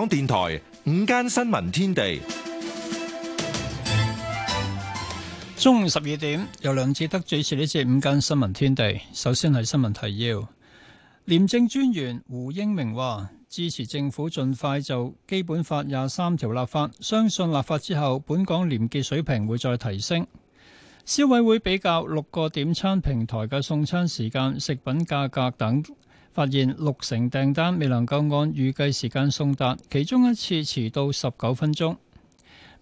港電台午間新聞天地，中午十二點由梁志德主持呢次午間新聞天地。首先係新聞提要，廉政專員胡英明話支持政府盡快就基本法廿三條立法，相信立法之後，本港廉潔水平會再提升。消委會比較六個點餐平台嘅送餐時間、食品價格等。發現六成訂單未能夠按預計時間送達，其中一次遲到十九分鐘。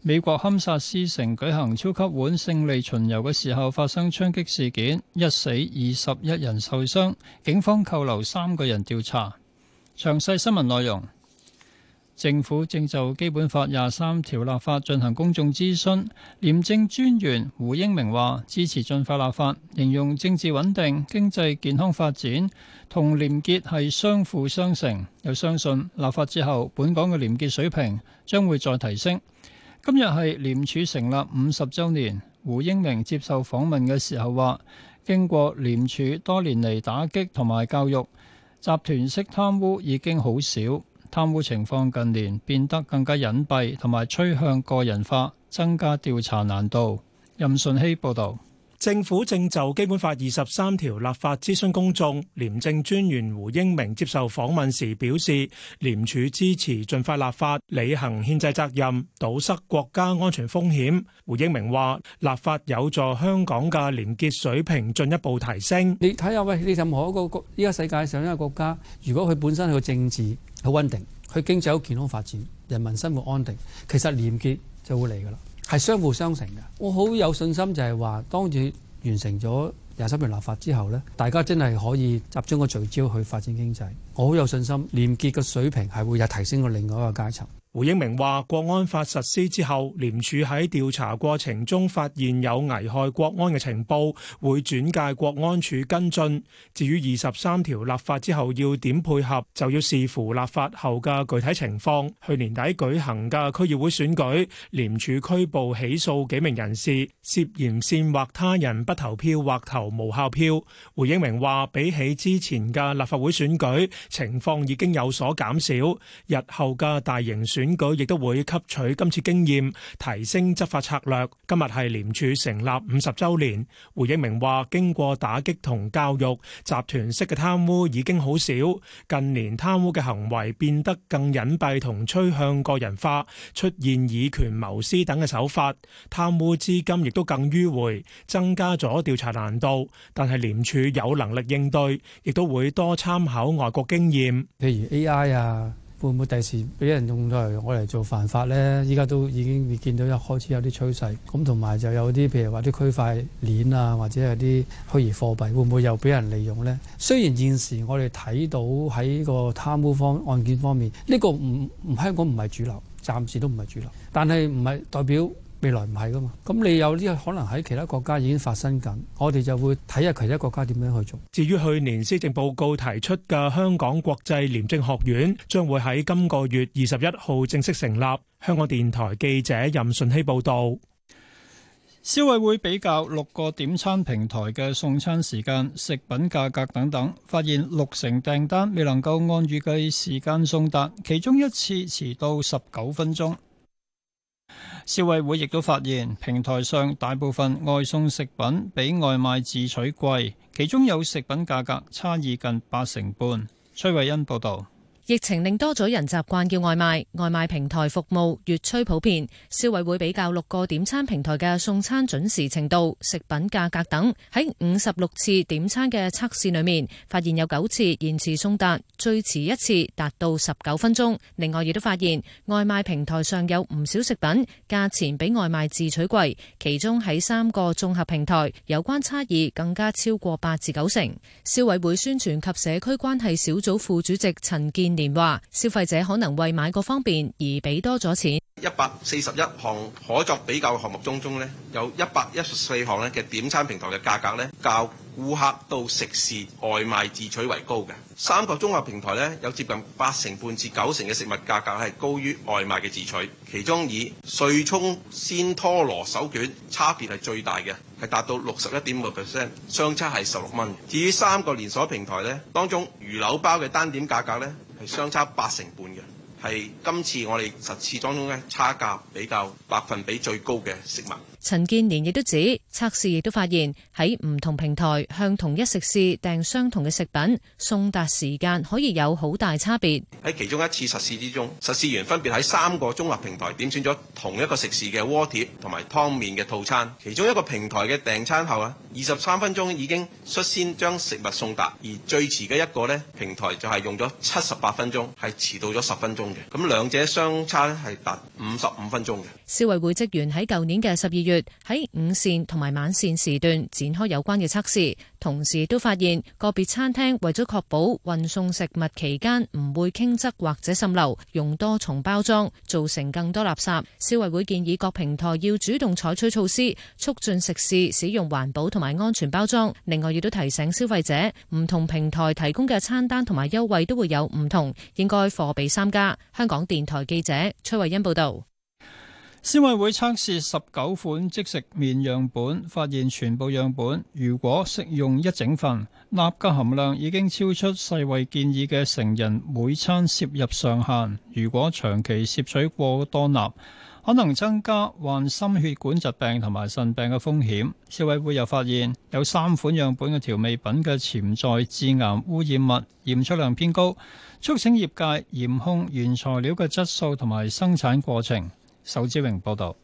美國堪薩斯城舉行超級碗勝利巡遊嘅時候發生槍擊事件，一死二十一人受傷，警方扣留三個人調查。詳細新聞內容。政府正就《基本法》廿三條立法進行公眾諮詢，廉政專員胡英明話支持盡快立法，形容政治穩定、經濟健康發展同廉潔係相輔相成，又相信立法之後，本港嘅廉潔水平將會再提升。今日係廉署成立五十週年，胡英明接受訪問嘅時候話：經過廉署多年嚟打擊同埋教育，集團式貪污已經好少。貪污情況近年變得更加隱蔽，同埋趨向個人化，增加調查難度。任順希報導。政府正就基本法二十三條立法諮詢公眾，廉政專員胡英明接受訪問時表示，廉署支持盡快立法，履行憲制責任，堵塞國家安全風險。胡英明話：立法有助香港嘅廉潔水平進一步提升。你睇下，喂，你任何一個國，依家世界上一個國家，如果佢本身係個政治好穩定，佢經濟好健康發展，人民生活安定，其實廉潔就會嚟噶啦，係相輔相成嘅。我好有信心就，就係話當住完成咗廿三條立法之後呢，大家真係可以集中個聚焦去發展經濟，我好有信心廉潔嘅水平係會有提升過另外一個階層。胡英明話：國安法實施之後，廉署喺調查過程中發現有危害國安嘅情報，會轉介國安處跟進。至於二十三條立法之後要點配合，就要視乎立法後嘅具體情況。去年底舉行嘅區議會選舉，廉署拘捕起訴幾名人士，涉嫌煽惑他人不投票或投無效票。胡英明話：比起之前嘅立法會選舉，情況已經有所減少。日後嘅大型選選舉亦都會吸取今次經驗，提升執法策略。今日係廉署成立五十周年，胡英明話：經過打擊同教育，集團式嘅貪污已經好少。近年貪污嘅行為變得更隱蔽同趨向個人化，出現以權謀私等嘅手法，貪污資金亦都更迂迴，增加咗調查難度。但係廉署有能力應對，亦都會多參考外國經驗，譬如 AI 啊。會唔會第時俾人用嚟我嚟做犯法咧？依家都已經見到一開始有啲趨勢，咁同埋就有啲譬如話啲區塊鏈啊，或者係啲虛擬貨幣，會唔會又俾人利用咧？雖然現時我哋睇到喺個貪污方案件方面，呢、這個唔唔香港唔係主流，暫時都唔係主流，但係唔係代表。未來唔係噶嘛？咁你有呢個可能喺其他國家已經發生緊，我哋就會睇下其他國家點樣去做。至於去年施政報告提出嘅香港國際廉政學院，將會喺今個月二十一號正式成立。香港電台記者任順希報道。消委會比較六個點餐平台嘅送餐時間、食品價格等等，發現六成訂單未能夠按預計時間送達，其中一次遲到十九分鐘。消委會亦都發現，平台上大部分外送食品比外賣自取貴，其中有食品價格差異近八成半。崔慧欣報道。疫情令多咗人習慣叫外賣，外賣平台服務越趨普遍。消委會比較六個點餐平台嘅送餐準時程度、食品價格等，喺五十六次點餐嘅測試裏面，發現有九次延遲送達，最遲一次達到十九分鐘。另外亦都發現，外賣平台上有唔少食品價錢比外賣自取貴，其中喺三個綜合平台有關差異更加超過八至九成。消委會宣傳及社區關係小組副主席陳健。年話消費者可能為買個方便而俾多咗錢。一百四十一項可作比較項目中，中呢，中咧有一百一十四項咧嘅點餐平台嘅價格咧，較顧客到食肆外賣自取為高嘅三個綜合平台咧，有接近八成半至九成嘅食物價格係高於外賣嘅自取。其中以瑞充鮮拖羅手卷差別係最大嘅，係達到六十一點六 percent，相差係十六蚊。至於三個連鎖平台咧，當中魚柳包嘅單點價格咧。係相差八成半嘅，係今次我哋十次當中咧，差價比較百分比最高嘅食物。陳建年亦都指測試亦都發現喺唔同平台向同一食肆訂相同嘅食品，送達時間可以有好大差別。喺其中一次實試之中，實試員分別喺三個綜合平台點選咗同一個食肆嘅鍋貼同埋湯麵嘅套餐。其中一個平台嘅訂餐後啊，二十三分鐘已經率先將食物送達，而最遲嘅一個咧，平台就係用咗七十八分鐘，係遲到咗十分鐘嘅。咁兩者相差係達五十五分鐘嘅。消委會職員喺舊年嘅十二月，月喺午膳同埋晚膳時段展開有關嘅測試，同時都發現個別餐廳為咗確保運送食物期間唔會傾側或者滲漏，用多重包裝造成更多垃圾。消委會建議各平台要主動採取措施，促進食肆使用環保同埋安全包裝。另外，亦都提醒消費者，唔同平台提供嘅餐單同埋優惠都會有唔同，應該貨比三家。香港電台記者崔慧欣報道。消委會測試十九款即食麵樣本，發現全部樣本如果食用一整份鈉嘅含量已經超出世衛建議嘅成人每餐攝入上限。如果長期攝取過多鈉，可能增加患心血管疾病同埋腎病嘅風險。消委會又發現有三款樣本嘅調味品嘅潛在致癌污染物，驗出量偏高，促請業界嚴控原材料嘅質素同埋生產過程。仇志榮報道。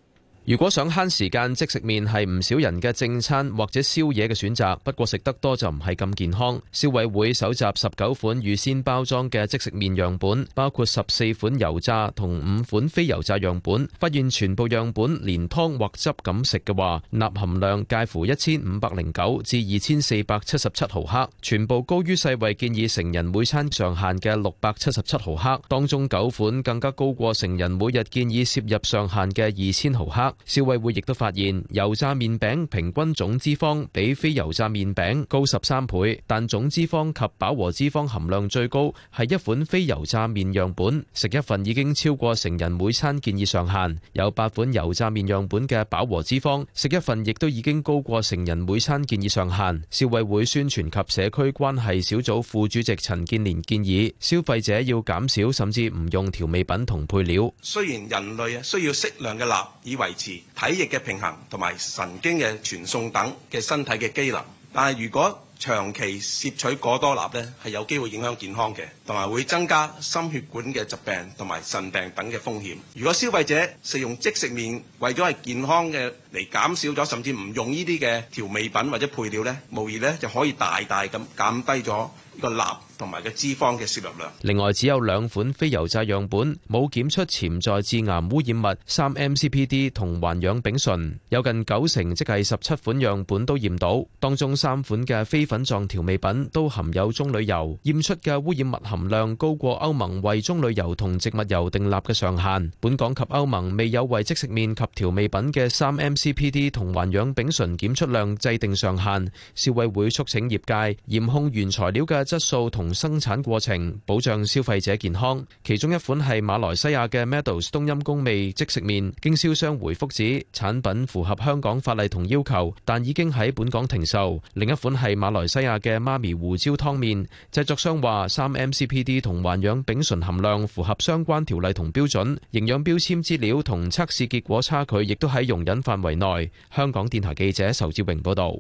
如果想慳時間，即食麵係唔少人嘅正餐或者宵夜嘅選擇，不過食得多就唔係咁健康。消委會搜集十九款預先包裝嘅即食麵樣本，包括十四款油炸同五款非油炸樣本，發現全部樣本連湯或汁咁食嘅話，鈉含量介乎一千五百零九至二千四百七十七毫克，全部高於世衛建議成人每餐上限嘅六百七十七毫克，當中九款更加高過成人每日建議攝入上限嘅二千毫克。消委會亦都發現，油炸麵餅平均總脂肪比非油炸麵餅高十三倍，但總脂肪及飽和脂肪含量最高，係一款非油炸麵樣本。食一份已經超過成人每餐建議上限。有八款油炸麵樣本嘅飽和脂肪，食一份亦都已經高過成人每餐建議上限。消委會宣傳及社區關係小組副主席陳建年建議，消費者要減少，甚至唔用調味品同配料。雖然人類需要適量嘅鈉以維持。體液嘅平衡同埋神經嘅傳送等嘅身體嘅機能，但係如果長期攝取過多鈉咧，係有機會影響健康嘅，同埋會增加心血管嘅疾病同埋腎病等嘅風險。如果消費者食用即食麵為咗係健康嘅，嚟減少咗，甚至唔用呢啲嘅調味品或者配料咧，無疑咧就可以大大咁減低咗個鈉。同埋嘅脂肪嘅攝入量。另外只有兩款非油炸樣本冇檢出潛在致癌污染物三 MCPD 同環氧丙醇，有近九成即係十七款樣本都驗到，當中三款嘅非粉狀調味品都含有棕櫚油，驗出嘅污染物含量高過歐盟為棕櫚油同植物油定立嘅上限。本港及歐盟未有為即食麵及調味品嘅三 MCPD 同環氧丙醇檢出量制定上限，消委會促請業界嚴控原材料嘅質素同同生產過程保障消費者健康，其中一款係馬來西亞嘅 Medals 冬陰功味即食麵，經銷商回覆指產品符合香港法例同要求，但已經喺本港停售。另一款係馬來西亞嘅媽咪胡椒湯麵，製作商話三 MCPD 同環氧丙醇含量符合相關條例同標準，營養標籤資料同測試結果差距亦都喺容忍範圍內。香港電台記者仇志榮報道。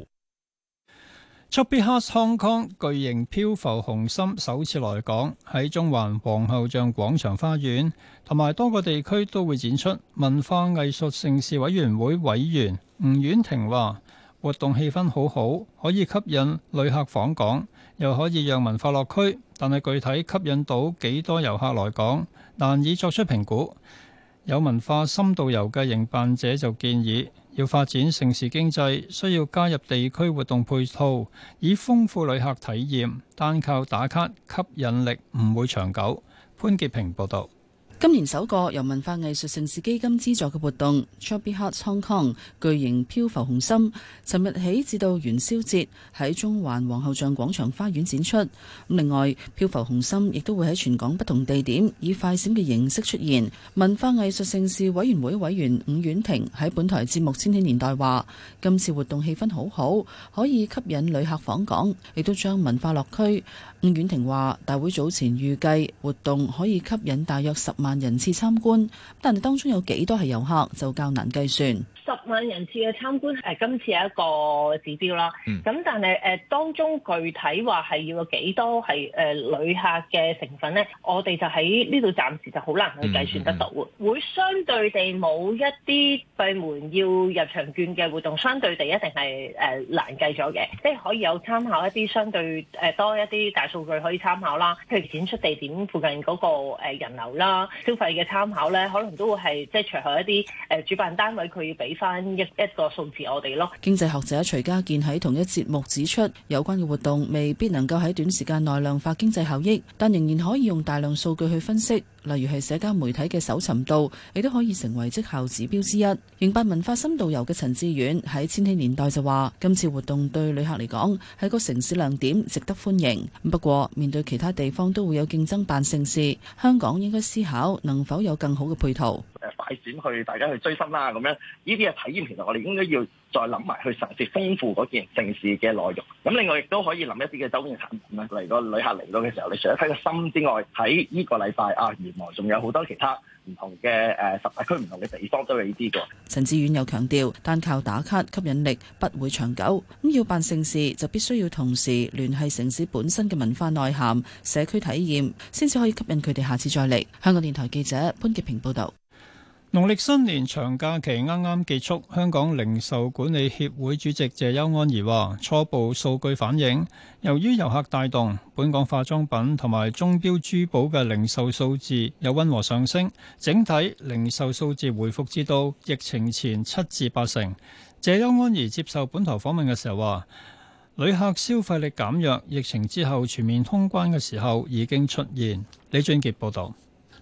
Chubby Hearts Hong Kong 巨型漂浮紅心首次來港，喺中環皇后像廣場花園同埋多個地區都會展出。文化藝術盛事委員會委員吳婉婷話：活動氣氛好好，可以吸引旅客訪港，又可以讓文化落區。但係具體吸引到幾多遊客來港，難以作出評估。有文化深度遊嘅營辦者就建議。要發展城市經濟，需要加入地區活動配套，以豐富旅客體驗，單靠打卡吸引力唔會長久。潘潔平報導。今年首個由文化藝術盛事基金資助嘅活動 Chubby Hearts Hong Kong 巨型漂浮紅心，尋日起至到元宵節喺中環皇后像廣場花園展出。另外漂浮紅心亦都會喺全港不同地點以快閃嘅形式出現。文化藝術盛事委員會委員伍婉婷喺本台節目《千禧年代》話：今次活動氣氛好好，可以吸引旅客訪港，亦都將文化落區。伍婉婷話：大會早前預計活動可以吸引大約十萬人次參觀，但係當中有幾多係遊客，就較難計算。十萬人次嘅參觀係、呃、今次一個指標啦，咁、呃、但係誒、呃、當中具體話係要有幾多係誒、呃、旅客嘅成分咧，我哋就喺呢度暫時就好難去計算得到。嗯嗯嗯、會相對地冇一啲閉門要入場券嘅活動，相對地一定係誒、呃、難計咗嘅。即係可以有參考一啲相對誒、呃、多一啲大數據可以參考啦，譬如展出地點附近嗰個人流啦、消費嘅參考咧，可能都會係即係隨後一啲誒主辦單位佢要俾。翻一一個數字，我哋咯。經濟學者徐家健喺同一節目指出，有關嘅活動未必能夠喺短時間內量化經濟效益，但仍然可以用大量數據去分析。例如係社交媒體嘅搜尋度，亦都可以成為績效指標之一。迎辦文化深度遊嘅陳志遠喺千禧年代就話，今次活動對旅客嚟講，係個城市亮點值得歡迎。不過面對其他地方都會有競爭辦盛事，香港應該思考能否有更好嘅配套。誒快閃去，大家去追新啦。咁樣呢啲嘅體驗，其實我哋應該要再諗埋去層次豐富嗰件盛事嘅內容。咁另外亦都可以諗一啲嘅周邊嘅產品啦。嚟個旅客嚟到嘅時候，你除咗睇個心之外，喺呢個禮拜啊，原來仲有好多其他唔同嘅誒、呃、十大區唔同嘅地方都係呢啲㗎。陳志遠又強調，單靠打卡吸引力不會長久。咁要辦盛事就必須要同時聯繫城市本身嘅文化內涵、社區體驗，先至可以吸引佢哋下次再嚟。香港電台記者潘潔平報導。農曆新年長假期啱啱結束，香港零售管理協會主席謝優安怡話：初步數據反映，由於遊客帶動，本港化妝品同埋鐘錶珠寶嘅零售數字有溫和上升，整體零售數字回復至到疫情前七至八成。謝優安怡接受本台訪問嘅時候話：旅客消費力減弱，疫情之後全面通關嘅時候已經出現。李俊傑報導。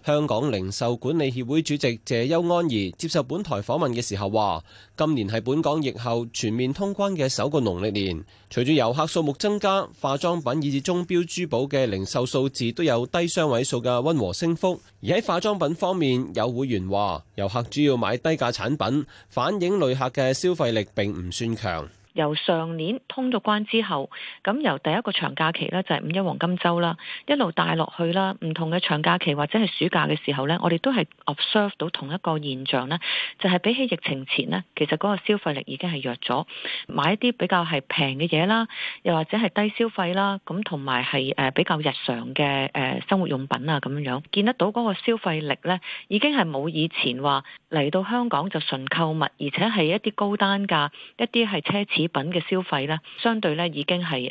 香港零售管理協會主席謝邱安儀接受本台訪問嘅時候話，今年係本港疫後全面通關嘅首個農曆年，隨住遊客數目增加，化妝品以至鐘表珠寶嘅零售數字都有低雙位數嘅温和升幅。而喺化妝品方面，有會員話，遊客主要買低價產品，反映旅客嘅消費力並唔算強。由上年通咗關之後，咁由第一個長假期咧就係、是、五一黃金周啦，一路帶落去啦，唔同嘅長假期或者係暑假嘅時候咧，我哋都係 observe 到同一個現象咧，就係、是、比起疫情前咧，其實個消費力已經係弱咗，買一啲比較係平嘅嘢啦，又或者係低消費啦，咁同埋係誒比較日常嘅誒生活用品啊，咁樣見得到個消費力咧，已經係冇以前話嚟到香港就純購物，而且係一啲高單價一啲係奢侈禮品嘅消費呢，相對呢已經係誒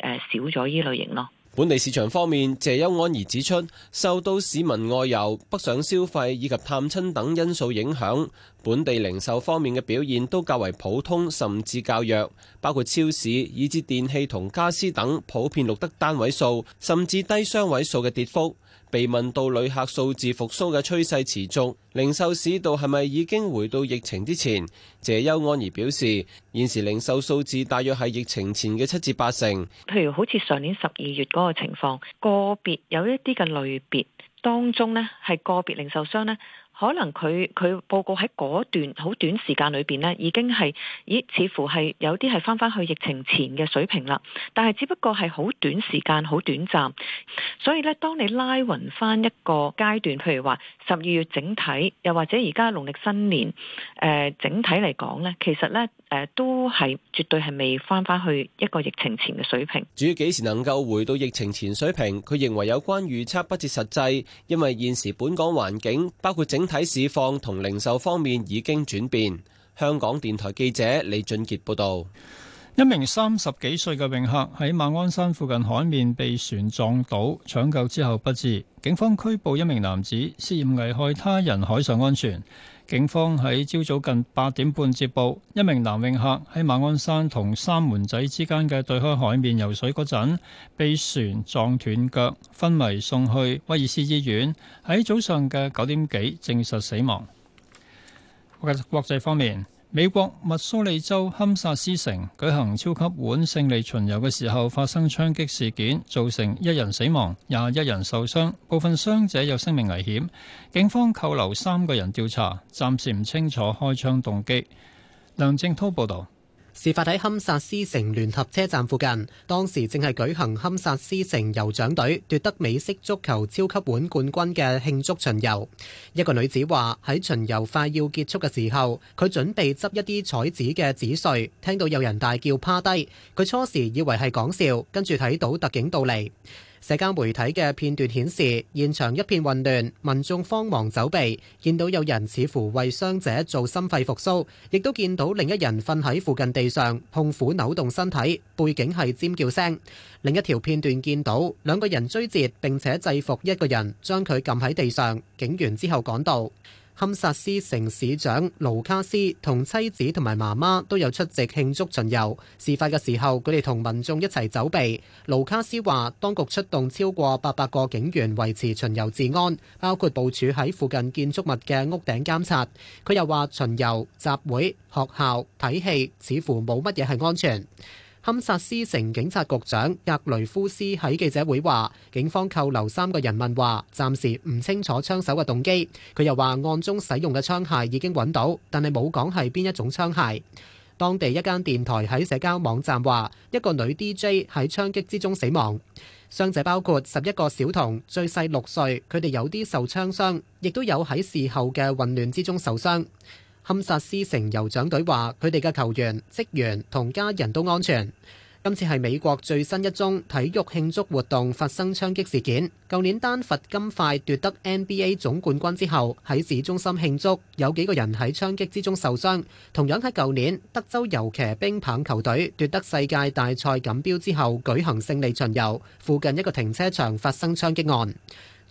少咗依類型咯。本地市場方面，謝優安兒指出，受到市民外遊、北上消費以及探親等因素影響，本地零售方面嘅表現都較為普通，甚至較弱。包括超市以至電器同家私等，普遍錄得單位數甚至低雙位數嘅跌幅。被問到旅客數字復甦嘅趨勢持續，零售市道係咪已經回到疫情之前？謝邱安儀表示，現時零售數字大約係疫情前嘅七至八成。譬如好似上年十二月嗰個情況，個別有一啲嘅類別，當中呢係個別零售商呢。可能佢佢報告喺嗰段好短時間裏邊咧，已經係咦，似乎係有啲係翻返去疫情前嘅水平啦。但係只不過係好短時間好短暫，所以咧，當你拉匀翻一個階段，譬如話十二月整體又或者而家農曆新年，誒、呃、整體嚟講咧，其實咧。誒都係絕對係未翻返去一個疫情前嘅水平。至於幾時能夠回到疫情前水平，佢認為有關預測不切實際，因為現時本港環境，包括整體市況同零售方面已經轉變。香港電台記者李俊傑報導。一名三十幾歲嘅泳客喺馬鞍山附近海面被船撞倒，搶救之後不治。警方拘捕一名男子，涉嫌危害他人海上安全。警方喺朝早近八點半接報，一名男泳客喺馬鞍山同三門仔之間嘅對開海面游水嗰陣，被船撞斷腳，昏迷送去威爾斯醫院，喺早上嘅九點幾證實死亡。國際方面。美國密蘇里州堪薩斯城舉行超級碗勝利巡遊嘅時候發生槍擊事件，造成一人死亡，廿一人受傷，部分傷者有生命危險。警方扣留三個人調查，暫時唔清楚開槍動機。梁正濤報道。事發喺堪薩斯城聯合車站附近，當時正係舉行堪薩斯城酋長隊奪得美式足球超級碗冠軍嘅慶祝巡遊。一個女子話：喺巡遊快要結束嘅時候，佢準備執一啲彩紙嘅紙碎，聽到有人大叫趴低，佢初時以為係講笑，跟住睇到特警到嚟。社交媒體嘅片段顯示，現場一片混亂，民眾慌忙走避，見到有人似乎為傷者做心肺復甦，亦都見到另一人瞓喺附近地上，痛苦扭動身體，背景係尖叫聲。另一條片段見到兩個人追截，並且制服一個人，將佢撳喺地上，警員之後趕到。堪薩斯城市長盧卡斯同妻子同埋媽媽都有出席慶祝巡遊。事發嘅時候，佢哋同民眾一齊走避。盧卡斯話：當局出動超過八百個警員維持巡遊治安，包括部署喺附近建築物嘅屋頂監察。佢又話：巡遊、集會、學校、睇戲，似乎冇乜嘢係安全。堪薩斯城警察局長格雷夫斯喺記者會話：警方扣留三個人問話，暫時唔清楚槍手嘅動機。佢又話案中使用嘅槍械已經揾到，但係冇講係邊一種槍械。當地一間電台喺社交網站話：一個女 DJ 喺槍擊之中死亡，傷者包括十一個小童，最細六歲，佢哋有啲受槍傷，亦都有喺事後嘅混亂之中受傷。堪薩斯城酋長隊話：佢哋嘅球員、職員同家人都安全。今次係美國最新一宗體育慶祝活動發生槍擊事件。舊年丹佛金塊奪得 NBA 總冠軍之後，喺市中心慶祝，有幾個人喺槍擊之中受傷。同樣喺舊年，德州遊騎兵棒球隊奪得世界大賽錦標之後舉行勝利巡遊，附近一個停車場發生槍擊案。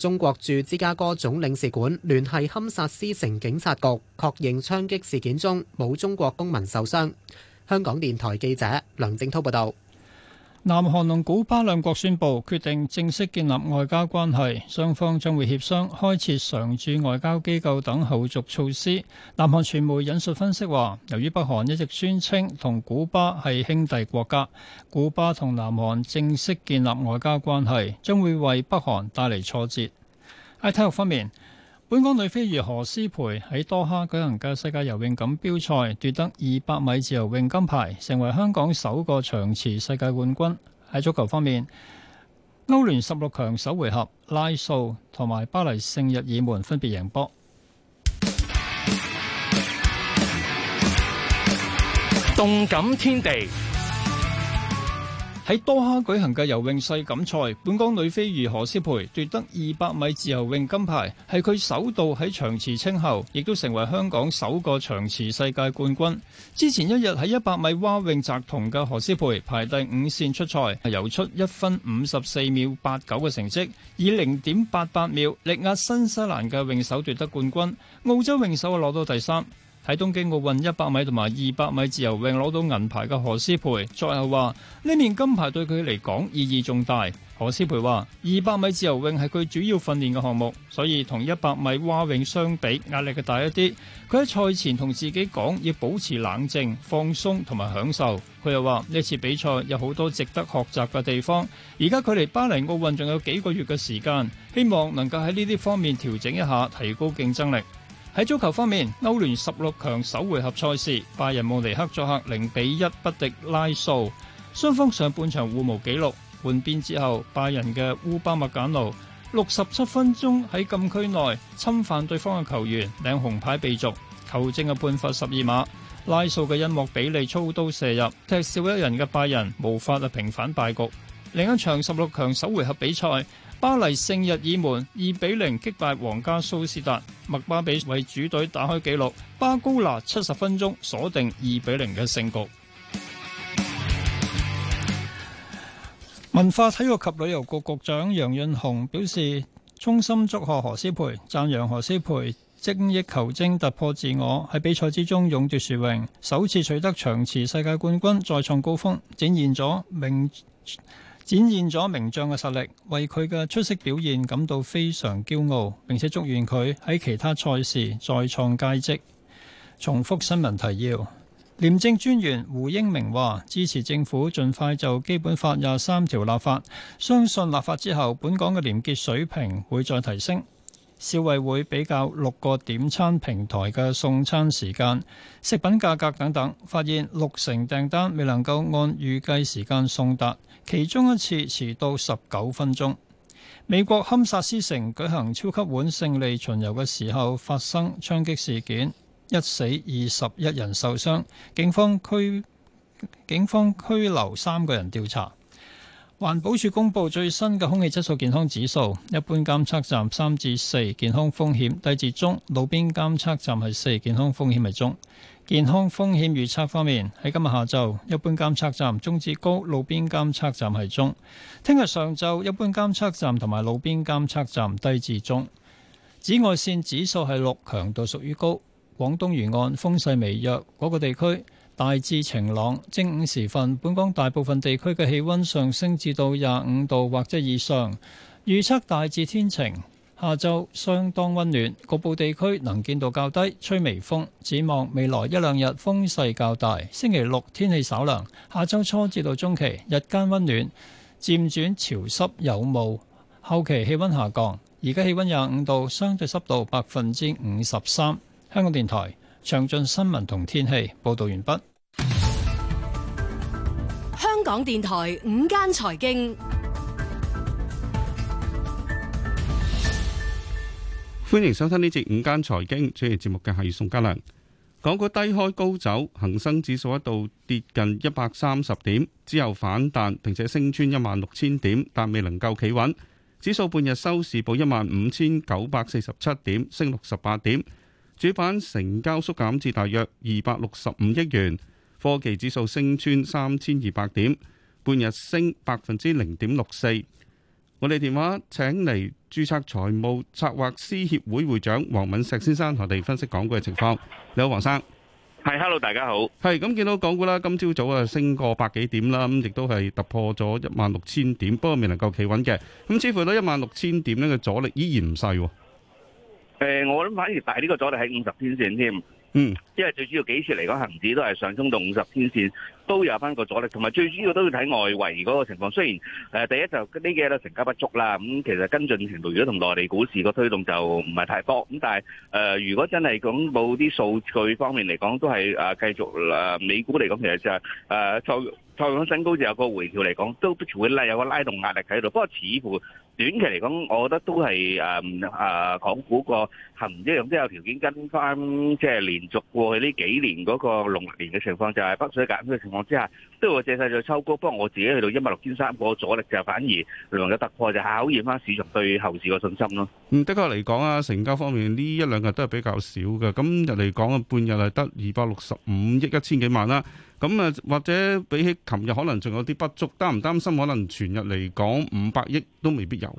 中國駐芝加哥總領事館聯繫堪薩斯城警察局，確認槍擊事件中冇中國公民受傷。香港電台記者梁正濤報道。南韓同古巴兩國宣布決定正式建立外交關係，雙方將會協商開設常駐外交機構等後續措施。南韓傳媒引述分析話，由於北韓一直宣稱同古巴係兄弟國家，古巴同南韓正式建立外交關係，將會為北韓帶嚟挫折。喺體育方面。本港女飛魚何詩蓓喺多哈舉行嘅世界游泳錦標賽奪得二百米自由泳金牌，成為香港首個長池世界冠軍。喺足球方面，歐聯十六強首回合，拉素同埋巴黎聖日耳門分別贏波。動感天地。喺多哈舉行嘅游泳世錦賽，本港女飛魚何詩蓓奪得二百米自由泳金牌，係佢首度喺長池稱后，亦都成為香港首個長池世界冠軍。之前一日喺一百米蛙泳摘銅嘅何詩蓓排第五線出賽，係游出一分五十四秒八九嘅成績，以零點八八秒力壓新西蘭嘅泳手奪得冠軍，澳洲泳手啊攞到第三。喺東京奧運一百米同埋二百米自由泳攞到銀牌嘅何詩蓓賽後話：呢面金牌對佢嚟講意義重大。何詩蓓話：二百米自由泳係佢主要訓練嘅項目，所以同一百米蛙泳相比，壓力嘅大一啲。佢喺賽前同自己講要保持冷靜、放鬆同埋享受。佢又話呢次比賽有好多值得學習嘅地方。而家距離巴黎奧運仲有幾個月嘅時間，希望能夠喺呢啲方面調整一下，提高競爭力。喺足球方面，歐聯十六強首回合賽事，拜仁慕尼黑作客零比一不敵拉素。雙方上半場互無紀錄，換邊之後，拜仁嘅烏巴麥簡奴六十七分鐘喺禁區內侵犯對方嘅球員，領紅牌被逐，球證嘅判罰十二碼。拉素嘅恩莫比利操刀射入，踢少一人嘅拜仁無法啊平反敗局。另一場十六強首回合比賽。巴黎聖日耳門二比零擊敗皇家蘇斯達，麥巴比為主隊打開紀錄，巴高拿七十分鐘鎖定二比零嘅勝局。文化體育及旅遊局局局長楊潤雄表示，衷心祝賀何詩蓓，讚揚何詩蓓精益求精、突破自我喺比賽之中勇奪殊榮，首次取得長池世界冠軍，再創高峰，展現咗明。展現咗名將嘅實力，為佢嘅出色表現感到非常驕傲，並且祝願佢喺其他賽事再創佳績。重複新聞提要：廉政專員胡英明話，支持政府盡快就基本法廿三條立法，相信立法之後，本港嘅廉潔水平會再提升。消委會比較六個點餐平台嘅送餐時間、食品價格等等，發現六成訂單未能夠按預計時間送達，其中一次遲到十九分鐘。美國堪薩斯城舉行超級碗勝利巡遊嘅時候發生槍擊事件，一死二十一人受傷，警方拘警方拘留三個人調查。環保署公布最新嘅空氣質素健康指數，一般監測站三至四，健康風險低至中；路邊監測站係四，健康風險係中。健康風險預測方面，喺今日下晝，一般監測站中至高，路邊監測站係中；聽日上晝，一般監測站同埋路邊監測站低至中。紫外線指數係六，強度屬於高。廣東沿岸風勢微弱，嗰個地區，大致晴朗，正午時分，本港大部分地區嘅氣溫上升至到廿五度或者以上。預測大致天晴，下晝相當溫暖，局部地區能見度較低，吹微風，展望未來一兩日風勢較大。星期六天氣稍涼，下周初至到中期日間溫暖，漸轉潮濕有霧，後期氣溫下降。而家氣溫廿五度，相對濕度百分之五十三。香港電台詳盡新聞同天氣報道完畢。香港電台午間財經，歡迎收聽呢節午間財經，主持節目嘅係宋家良。港股低開高走，恒生指數一度跌近一百三十點，之後反彈，並且升穿一萬六千點，但未能夠企穩。指數半日收市報一萬五千九百四十七點，升六十八點。主板成交縮減至大約二百六十五億元。科技指數升穿三千二百點，半日升百分之零點六四。我哋電話請嚟註冊財務策劃師協會會長黃敏石先生同我哋分析港股嘅情況。你好，黃生。係，hello，大家好。係，咁見到港股啦，今朝早啊升過百幾點啦，咁亦都係突破咗一萬六千點，不過未能夠企穩嘅。咁似乎呢一萬六千點呢個阻力依然唔細。誒、呃，我諗反而大呢個阻力係五十天線添。嗯，因為最主要幾次嚟講，恒指都係上衝到五十天線都有翻個阻力，同埋最主要都要睇外圍嗰個情況。雖然誒，第一就呢幾日都成交不足啦，咁其實跟進程度如果同內地股市個推動就唔係太多。咁但係誒、呃，如果真係講冇啲數據方面嚟講，都係誒繼續誒、呃、美股嚟講，其實就誒創創個新高就有個回調嚟講，都會拉有個拉動壓力喺度。不過似乎。短期嚟講，我覺得都係誒誒，港股個恆一樣，都有條件跟翻，即係連續過去呢幾年嗰個農曆年嘅情況，就係、是、北水減嘅情況之下，都會借勢再抽高。不過，我自己去到一萬六千三，個阻力就反而難嘅突破，就考驗翻市場對後市嘅信心咯。嗯，的確嚟講啊，成交方面呢一兩日都係比較少嘅。咁入嚟講啊，半日係得二百六十五億一千幾萬啦。咁啊，或者比起琴日，可能仲有啲不足，擔唔擔心？可能全日嚟講，五百億都未必有。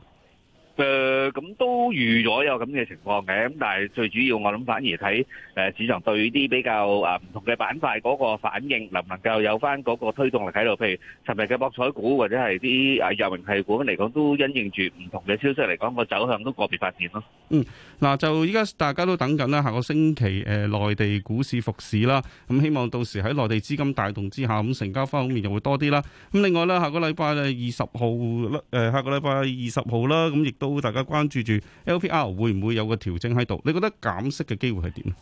誒，咁都預咗有咁嘅情況嘅，咁但係最主要我諗反而睇，誒，市場對啲比較啊唔同嘅板塊嗰個反應，能唔能夠有返嗰個推動力喺度？譬如尋日嘅博彩股或者係啲啊遊泳器股嚟講，都因應住唔同嘅消息嚟講，個走向都個別發展咯。嗯，嗱，就依家大家都等緊啦，下個星期誒內地股市復市啦，咁希望到時喺內地資金帶動之下，咁成交方面就會多啲啦。咁另外咧，下個禮拜誒二十號啦，誒下個禮拜二十號啦，咁亦。都大家關注住 LPR 會唔會有個調整喺度？你覺得減息嘅機會係點？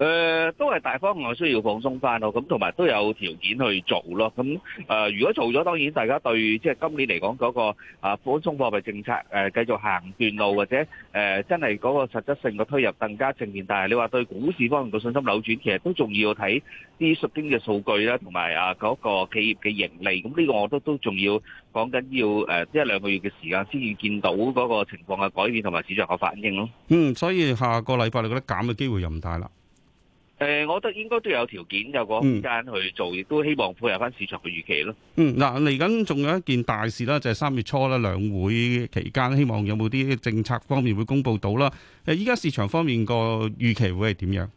誒，都係大方向需要放鬆翻咯，咁同埋都有條件去做咯。咁誒，如果做咗，當然大家對即係今年嚟講嗰個誒寬鬆貨幣政策誒繼續行段路，或者誒真係嗰個實質性嘅推入更加正面。但係你話對股市方面嘅信心扭轉，其實都仲要睇啲贖經嘅數據啦，同埋啊嗰個企業嘅盈利。咁呢個我都都仲要講緊要誒一兩個月嘅時間先至見到嗰個情況嘅改變同埋市場嘅反應咯。嗯，所以下個禮拜你覺得減嘅機會又唔大啦？誒，我覺得應該都有條件，有個空間去做，亦都希望配合翻，市場嘅預期咯。嗯，嗱，嚟緊仲有一件大事啦，就係三月初咧兩會期間，希望有冇啲政策方面會公布到啦。誒，依家市場方面個預期會係點樣？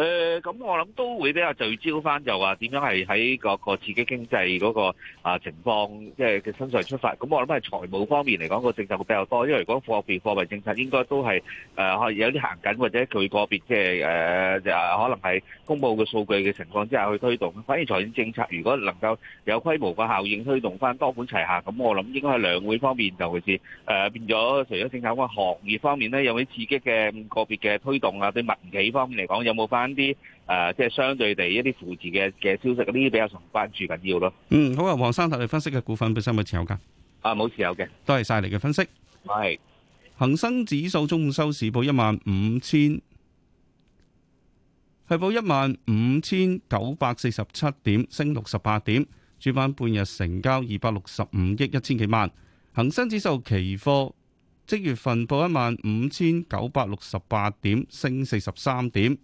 誒咁，我諗都會比較聚焦翻，就話點樣係喺個個刺激經濟嗰個啊情況，即係嘅身上出發。咁我諗係財務方面嚟講，個政策會比較多，因為如果貨幣貨幣政策應該都係誒，可能有啲行緊，或者佢個別即係誒，就可能係公布嘅數據嘅情況之下去推動。反而財政政策如果能夠有規模嘅效應推動翻多管齊下，咁我諗應該係兩會方面就似誒變咗除咗政策嗰個行業方面咧，有啲刺激嘅個別嘅推動啊，對民企方面嚟講有冇翻？啲誒，即係相對地一啲附字嘅嘅消息，呢啲比較關注緊要咯。嗯，好啊，黃生睇你分析嘅股份，本身有冇持有噶？啊，冇持有嘅，多謝晒你嘅分析。係恆生指數中午收市報一萬五千，係報一萬五千九百四十七點，升六十八點。主板半日成交二百六十五億一千幾萬。恒生指數期貨即月份報一萬五千九百六十八點，升四十三點。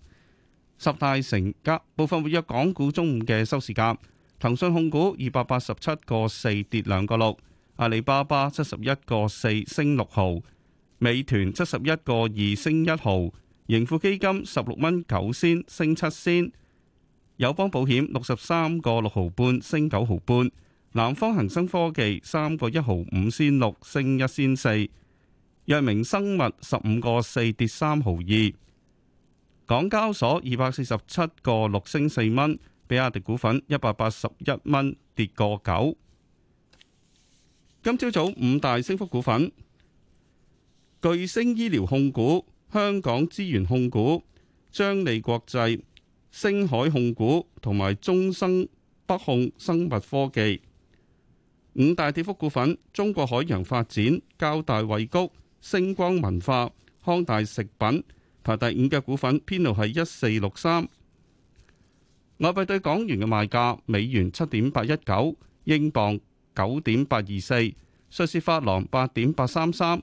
十大成交部分活躍港股中午嘅收市價：騰訊控股二百八十七個四跌兩個六，阿里巴巴七十一個四升六毫，美團七十一個二升一毫，盈富基金十六蚊九仙升七仙，友邦保險六十三個六毫半升九毫半，南方恒生科技三個一毫五仙六升一仙四，藥明生物十五個四跌三毫二。港交所二百四十七個六升四蚊，比亞迪股份一百八十一蚊跌個九。今朝早早五大升幅股份：巨星醫療控股、香港資源控股、張利國際、星海控股同埋中生北控生物科技。五大跌幅股份：中國海洋發展、交大惠谷、星光文化、康大食品。排第五嘅股份編號係一四六三。外幣對港元嘅賣價：美元七點八一九，英鎊九點八二四，瑞士法郎八點八三三，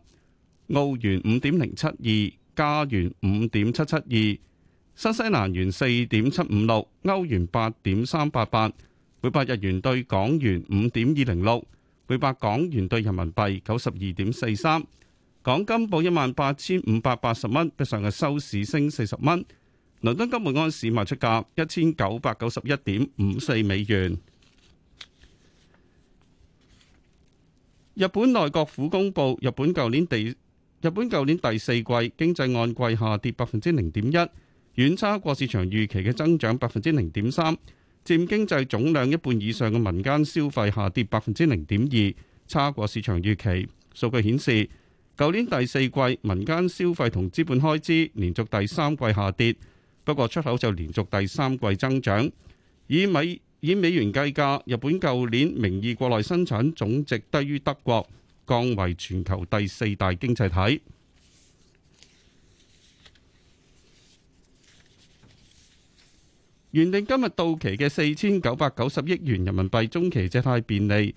澳元五點零七二，加元五點七七二，新西蘭元四點七五六，歐元八點三八八，每百日元對港元五點二零六，每百港元對人民幣九十二點四三。港金報一萬八千五百八十蚊，比上日收市升四十蚊。倫敦金每盎司賣出價一千九百九十一點五四美元。日本內閣府公布，日本舊年第日本舊年第四季經濟按季下跌百分之零點一，遠差過市場預期嘅增長百分之零點三。佔經濟總量一半以上嘅民間消費下跌百分之零點二，差過市場預期。數據顯示。舊年第四季民間消費同資本開支連續第三季下跌，不過出口就連續第三季增長。以美以美元計價，日本舊年名義國內生產總值低於德國，降為全球第四大經濟體。原定今日到期嘅四千九百九十億元人民幣中期借貸便利，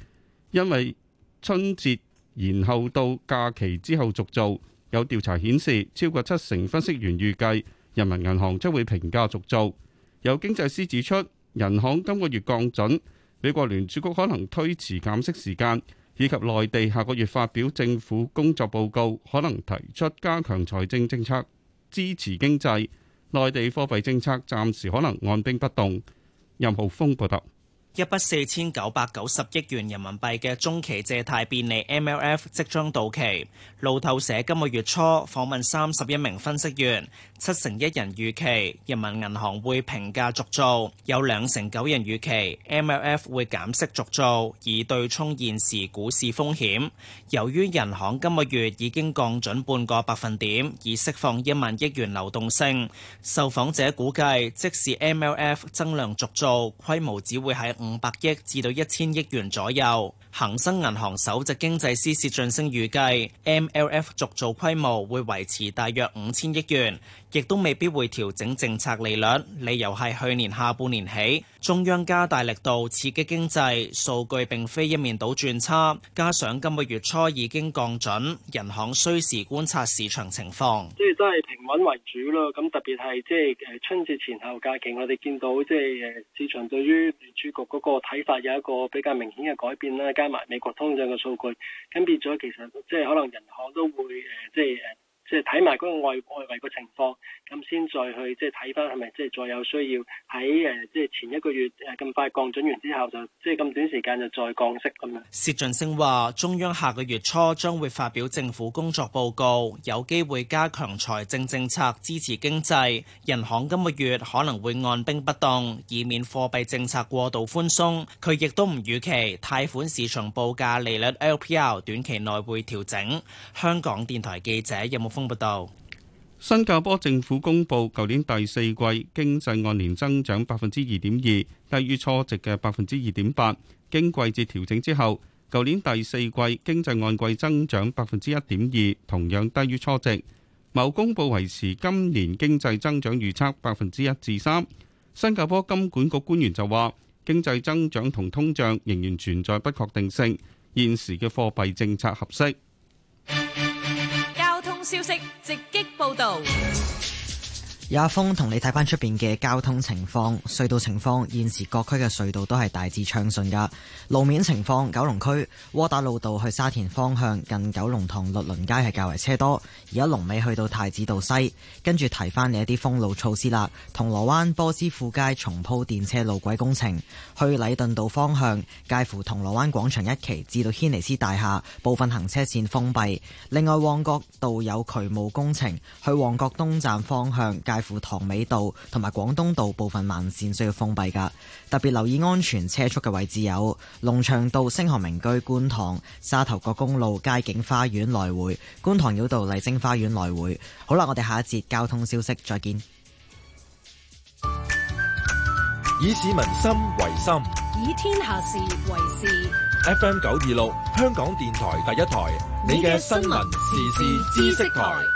因為春節。然後到假期之後續做。有調查顯示，超過七成分析員預計人民銀行將會平價續做。有經濟師指出，人行今個月降準，美國聯儲局可能推遲減息時間，以及內地下個月發表政府工作報告，可能提出加強財政政策支持經濟。內地貨幣政策暫時可能按兵不動。任浩峰報道。一筆四千九百九十億元人民幣嘅中期借貸便利 MLF 即將到期。路透社今個月初訪問三十一名分析員，七成一人預期人民銀行會平價續做，有兩成九人預期 MLF 會減息續做，以對沖現時股市風險。由於人行今個月已經降準半個百分點，以釋放一萬億元流動性，受訪者估計，即使 MLF 增量續做規模，只會喺五百億至到一千億元左右，恒生銀行首席經濟師薛俊升預計，MLF 續做規模會維持大約五千億元，亦都未必會調整政策利率，理由係去年下半年起。中央加大力度刺激經濟，數據並非一面倒轉差，加上今個月初已經降準，人行需時觀察市場情況，即係都係平穩為主咯。咁特別係即係誒春節前後假期，我哋見到即係誒市場對於聯儲局嗰個睇法有一個比較明顯嘅改變啦。加埋美國通脹嘅數據，咁變咗其實即係可能人行都會誒即係誒。即係睇埋嗰個外外圍個情況，咁先再去即係睇翻係咪即係再有需要喺誒即係前一個月誒咁快降準完之後就即係咁短時間就再降息咁樣。薛俊升話中央下個月初將會發表政府工作報告，有機會加強財政政策支持經濟。人行今個月可能會按兵不動，以免貨幣政策過度寬鬆，佢亦都唔預期貸款市場報價利率 LPR 短期內會調整。香港電台記者有冇？新加坡政府公布舊年第四季經濟按年增長百分之二點二，低於初值嘅百分之二點八。經季節調整之後，舊年第四季經濟按季增長百分之一點二，同樣低於初值。某公布維持今年經濟增長預測百分之一至三。新加坡金管局官員就話，經濟增長同通脹仍然存在不確定性，現時嘅貨幣政策合適。消息直擊報導。Yes. 有阿峰同你睇翻出邊嘅交通情況、隧道情況，現時各區嘅隧道都係大致暢順噶。路面情況，九龍區窩打老道去沙田方向近九龍塘律倫街係較為車多，而家龍尾去到太子道西，跟住提翻你一啲封路措施啦。銅鑼灣波斯富街重鋪電車路軌工程，去禮頓道方向介乎銅鑼灣廣場一期至到軒尼詩大廈部分行車線封閉。另外，旺角道有渠務工程，去旺角東站方向介乎塘尾道同埋廣東道部分慢線需要封閉噶，特別留意安全車速嘅位置有龍翔道、星河名居、觀塘、沙頭角公路、街景花園來回、觀塘繞道、麗晶花園來回。好啦，我哋下一節交通消息再見。以市民心為心，以天下事為事。F M 九二六，香港電台第一台，你嘅新聞時事知識台。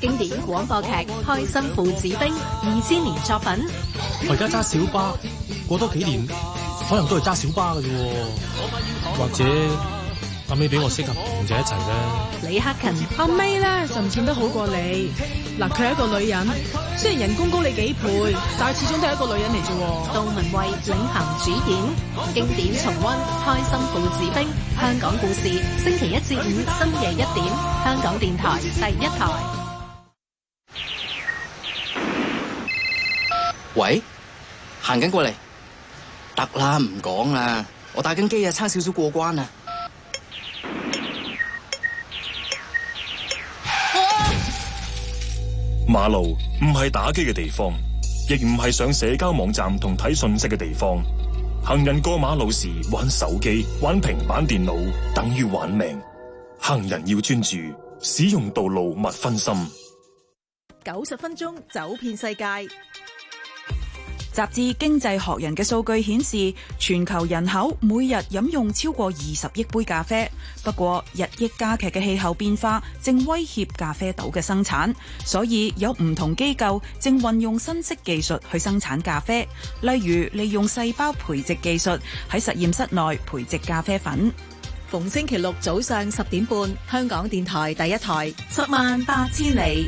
經典廣播劇《開心父子兵》二千年作品。我而家揸小巴，過多幾年可能都係揸小巴嘅啫。或者後尾俾我適合同仔一齊咧。李克勤後尾咧就唔算得好過你。嗱，佢係一個女人，雖然人工高你幾倍，但係始終都係一個女人嚟啫。杜文蔚領銜主演，經典重温《開心父子兵》香港故事，星期一至五深夜一點，香港電台第一台。喂，行緊過嚟得啦，唔講啦，我打緊機啊，差少少過關啊。馬路唔係打機嘅地方，亦唔係上社交網站同睇信息嘅地方。行人過馬路時玩手機、玩平板電腦，等於玩命。行人要專注，使用道路勿分心。九十分鐘，走遍世界。雜誌《經濟學人》嘅數據顯示，全球人口每日飲用超過二十億杯咖啡。不過，日益加劇嘅氣候變化正威脅咖啡豆嘅生產，所以有唔同機構正運用新式技術去生產咖啡，例如利用細胞培植技術喺實驗室內培植咖啡粉。逢星期六早上十點半，香港電台第一台，十萬八千里。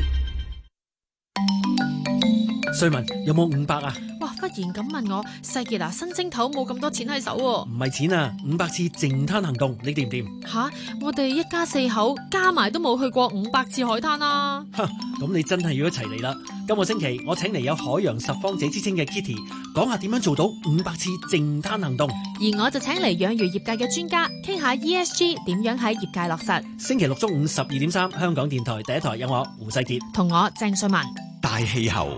瑞文，有冇五百啊？哇！忽然咁問我，世傑嗱、啊,新蒸頭冇咁多錢喺手、啊,唔係錢啊，五百次淨灘行動，你掂唔掂？吓，我哋一家四口加埋都冇去過五百次海灘啊。咁你真係要一齊嚟啦。今個星期我請嚟有海洋拾荒者之稱嘅 Kitty，講下點樣做到五百次淨灘行動。而我就請嚟養魚業界嘅專家，傾下 ESG 點樣喺業界落實。星期六中午十二點三，3，香港電台第一台有我胡世傑，同我鄭瑞文，大氣候。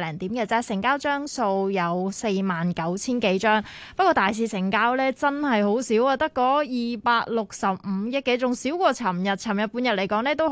零點嘅啫，成交張數有四萬九千幾張，不過大市成交咧真係好少啊，得嗰二百六十五億幾，仲少過尋日，尋日半日嚟講咧都。